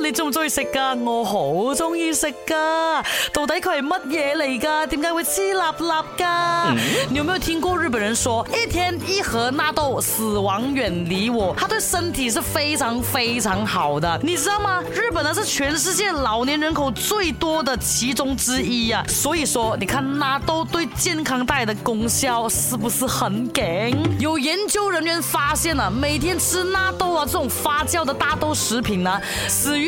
你中唔中意食噶？我好中意食噶。到底佢係乜嘢嚟噶？點解會黐立立噶？嗯、你有沒有聽過日本人說，一天一盒納豆，死亡遠離我。它對身體是非常非常好的，你知道嗎？日本呢是全世界老年人口最多的其中之一啊。所以說，你看納豆對健康帶來的功效是不是很勁？有研究人員發現啊，每天吃納豆啊，這種發酵的大豆食品呢，死於。